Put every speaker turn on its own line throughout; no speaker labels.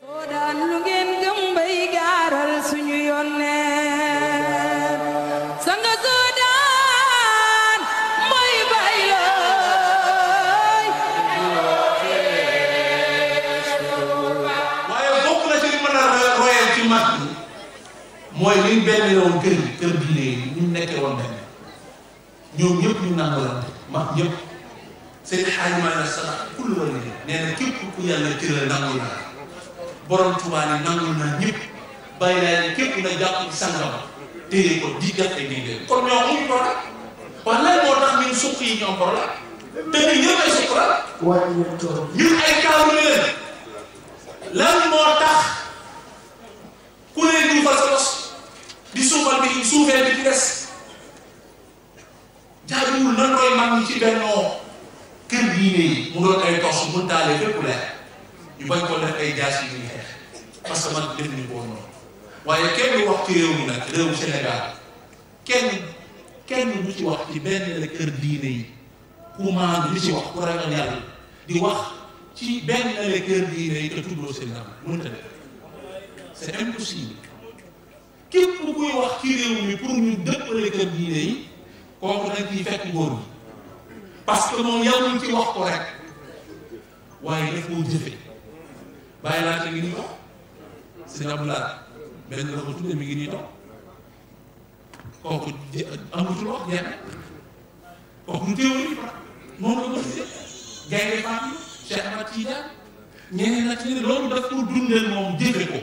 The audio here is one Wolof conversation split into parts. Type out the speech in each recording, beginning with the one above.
soo daan soo daan mooy bay
looy na mooy liñ benn yoon kër kër diine yi képp ku yàlla cëral nangu naa borom Tuubaa ni nangul na ñëpp bàyyi naa ne képp na jàpp sangam téye ko di gàtt ak dégg kon ñoo amuñu problème wax la moo tax ku ne duufal sa bos di suufal bi suufee bi ci des jaaduwul nan koy mag ñi ci bennoo kër diine yi mu doon ay tos mu taale fépp leer ñu bañ ko def ay jaas yu ñuy xeex parce que man def ñu ko noonu waaye kenn wax ci réew mi nag réew Sénégal kenn kenn du ci wax ci benn la kër diine yi ku maandu di ci wax ku ragal yàlla di wax ci benn la kër diine yi te tuddoo seen dama mënta def c'est impossible képp kuy wax ci réew mi pour ñu dëppale kër diine yi kooku nag ciy fekk góor bi parce que moom yàlla ci wax ko rek waaye daf koo jëfe bàyyi laata ngi nii toog sëñ Abdou Lahad benn la ko tudde mi ngi nii toog kooku amatul wax jeex na kooku du théorie moom la ko tuddee gaynde Fatou loolu daf ko dundal moom jëfe ko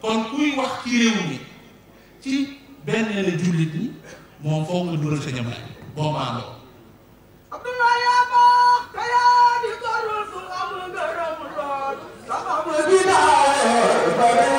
kon kuy wax ci réew mi ci benn la jullit ñi moom foog nga dugal sa ñam boo maandoo
Amen.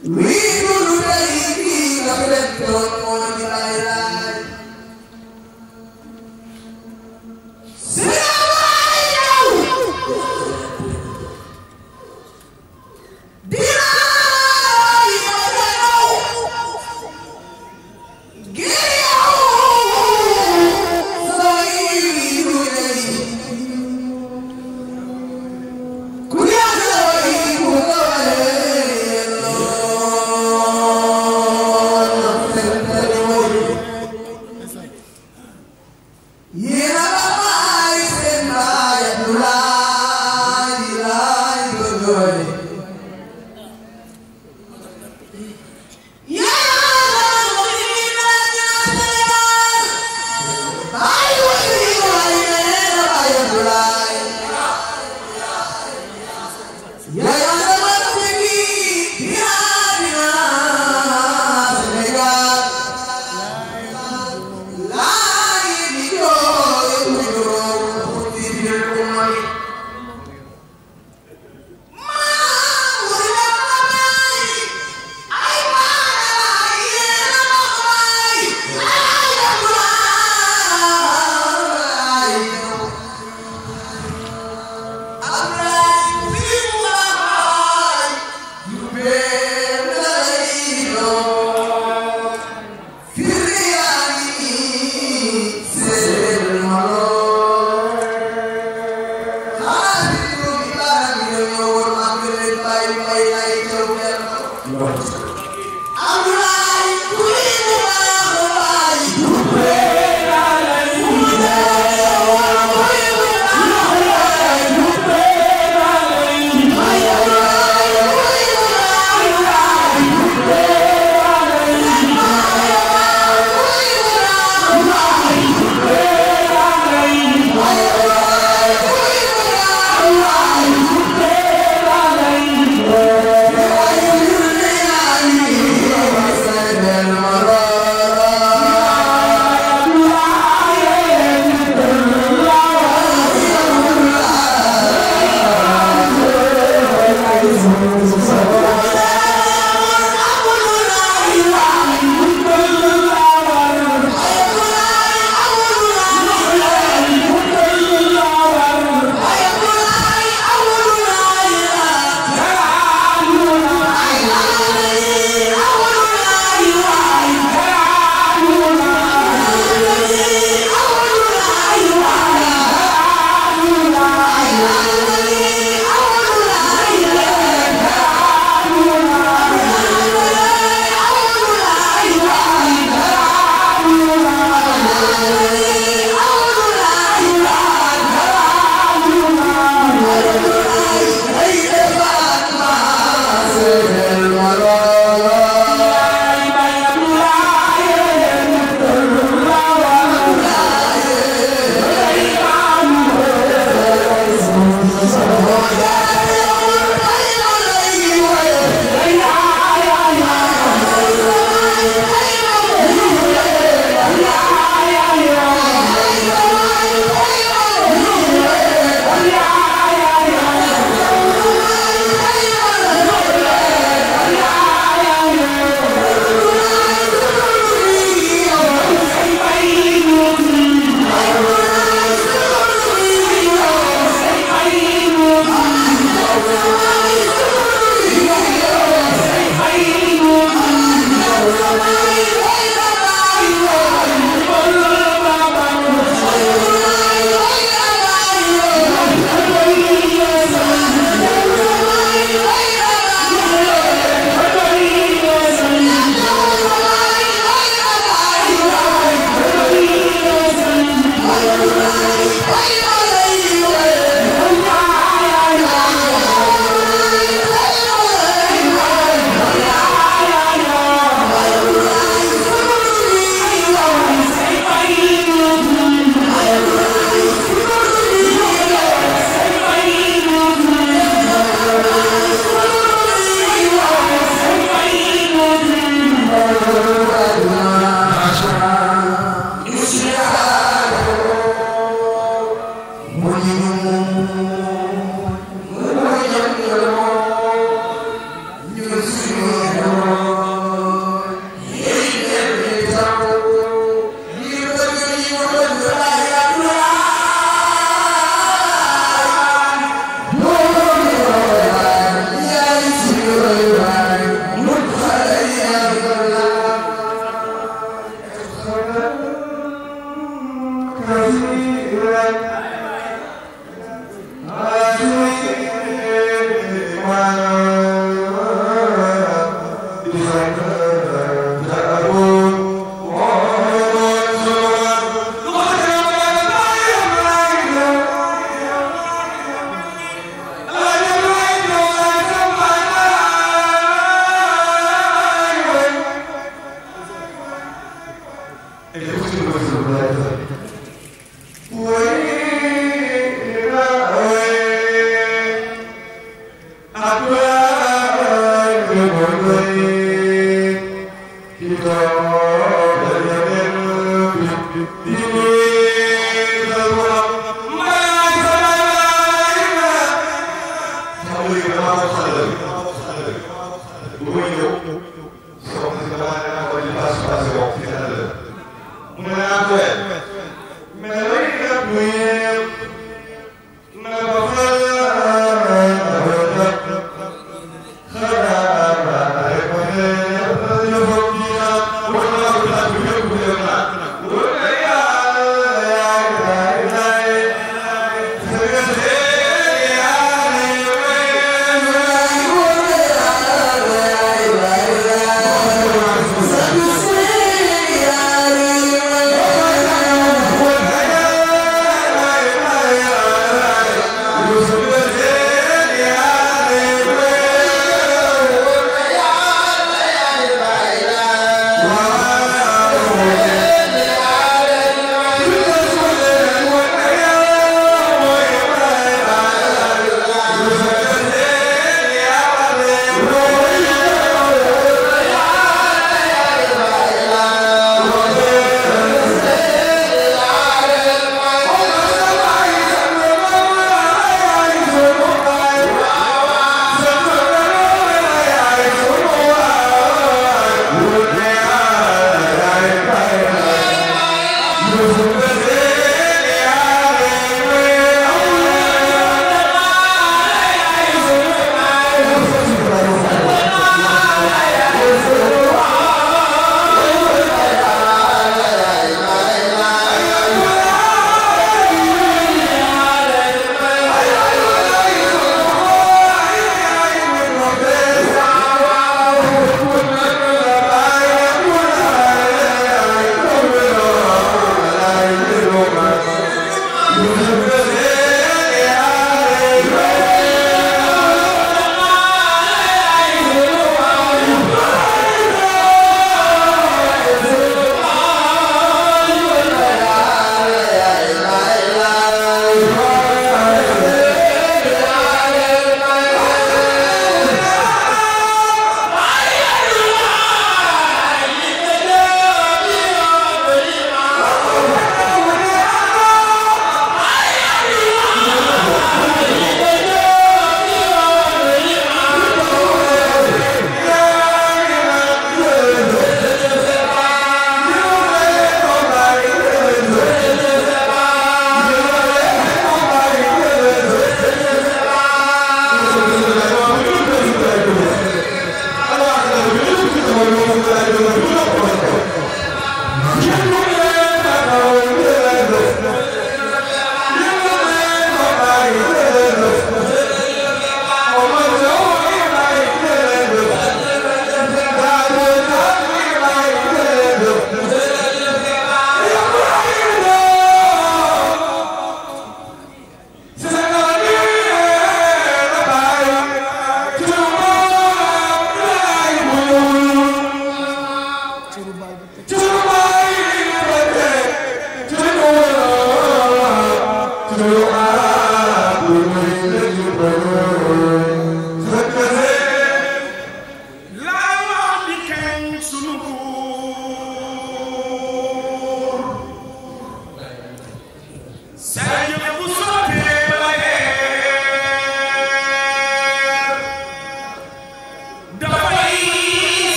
We will coisa né? mais. Pois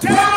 대박!